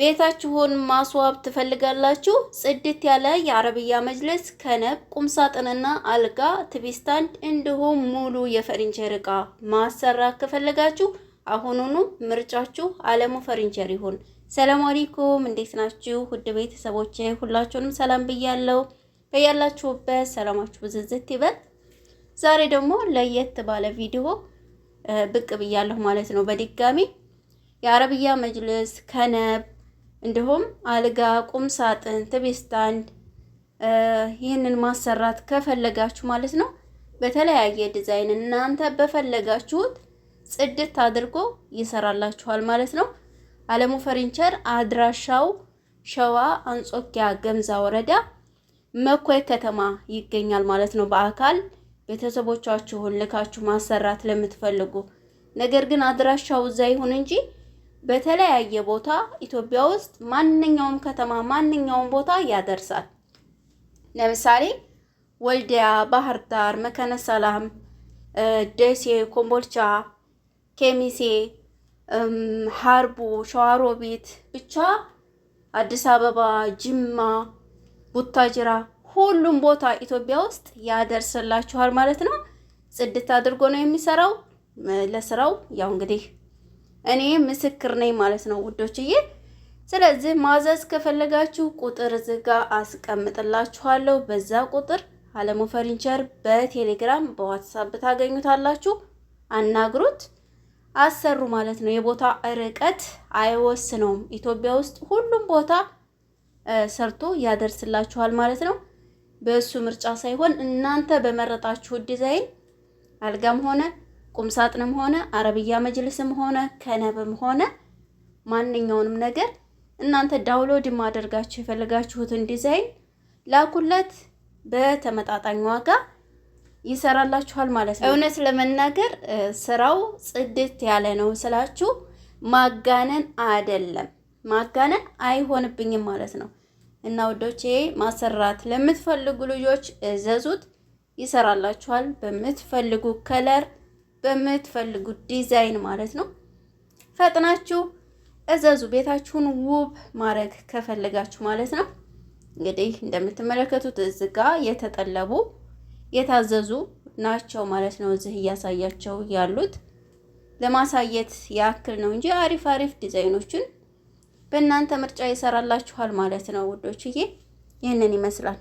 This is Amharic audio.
ቤታችሁን ማስዋብ ትፈልጋላችሁ? ጽድት ያለ የአረብያ መጅልስ ከነብ ቁምሳጥንና አልጋ ቲቪ ስታንድ እንዲሁም ሙሉ የፈርኒቸር ዕቃ ማሰራት ከፈለጋችሁ አሁኑኑ ምርጫችሁ አለሙ ፈርኒቸር ይሁን። ሰላም አለይኩም፣ እንዴት ናችሁ? ውድ ቤተሰቦቼ ሁላችሁንም ሰላም ብያለሁ። በያላችሁበት ሰላማችሁ ብዝዝት ይበል። ዛሬ ደግሞ ለየት ባለ ቪዲዮ ብቅ ብያለሁ ማለት ነው። በድጋሚ የአረብያ መጅልስ ከነብ እንዲሁም አልጋ፣ ቁም ሳጥን፣ ቲቪ ይህንን ማሰራት ከፈለጋችሁ ማለት ነው በተለያየ ዲዛይን እናንተ በፈለጋችሁት ጽድት አድርጎ ይሰራላችኋል ማለት ነው። አለሙ ፈርኒቸር አድራሻው ሸዋ አንጾኪያ ገምዛ ወረዳ መኮይ ከተማ ይገኛል ማለት ነው። በአካል ቤተሰቦቻችሁን ልካችሁ ማሰራት ለምትፈልጉ ነገር ግን አድራሻው እዛ ይሁን እንጂ በተለያየ ቦታ ኢትዮጵያ ውስጥ ማንኛውም ከተማ ማንኛውም ቦታ ያደርሳል። ለምሳሌ ወልዲያ፣ ባህር ዳር፣ መከነ ሰላም፣ ደሴ፣ ኮምቦልቻ፣ ኬሚሴ፣ ሀርቡ፣ ሸዋሮቢት ብቻ አዲስ አበባ፣ ጅማ፣ ቡታጅራ ሁሉም ቦታ ኢትዮጵያ ውስጥ ያደርስላችኋል ማለት ነው። ጽድት አድርጎ ነው የሚሰራው። ለስራው ያው እንግዲህ እኔ ምስክር ነኝ ማለት ነው ውዶችዬ። ስለዚህ ማዘዝ ከፈለጋችሁ ቁጥር ዝጋ አስቀምጥላችኋለሁ። በዛ ቁጥር አለሙ ፈርኒቸር በቴሌግራም በዋትሳፕ ታገኙታላችሁ። አናግሩት፣ አሰሩ ማለት ነው። የቦታ ርቀት አይወስነውም። ኢትዮጵያ ውስጥ ሁሉም ቦታ ሰርቶ ያደርስላችኋል ማለት ነው። በእሱ ምርጫ ሳይሆን እናንተ በመረጣችሁ ዲዛይን አልጋም ሆነ ቁምሳጥንም ሆነ አረብያ መጅልስም ሆነ ከነብም ሆነ ማንኛውንም ነገር እናንተ ዳውንሎድ ማደርጋችሁ የፈለጋችሁትን ዲዛይን ላኩለት። በተመጣጣኝ ዋጋ ይሰራላችኋል ማለት ነው። እውነት ለመናገር ስራው ጽድት ያለ ነው ስላችሁ ማጋነን አይደለም፣ ማጋነን አይሆንብኝም ማለት ነው። እና ወዶቼ ማሰራት ለምትፈልጉ ልጆች እዘዙት፣ ይሰራላችኋል በምትፈልጉ ከለር በምትፈልጉት ዲዛይን ማለት ነው ፈጥናችሁ እዘዙ። ቤታችሁን ውብ ማድረግ ከፈለጋችሁ ማለት ነው። እንግዲህ እንደምትመለከቱት እዚህ ጋ የተጠለቡ የታዘዙ ናቸው ማለት ነው። እዚህ እያሳያቸው ያሉት ለማሳየት ያክል ነው እንጂ አሪፍ አሪፍ ዲዛይኖችን በእናንተ ምርጫ ይሰራላችኋል ማለት ነው ውዶችዬ። ይህንን ይመስላል።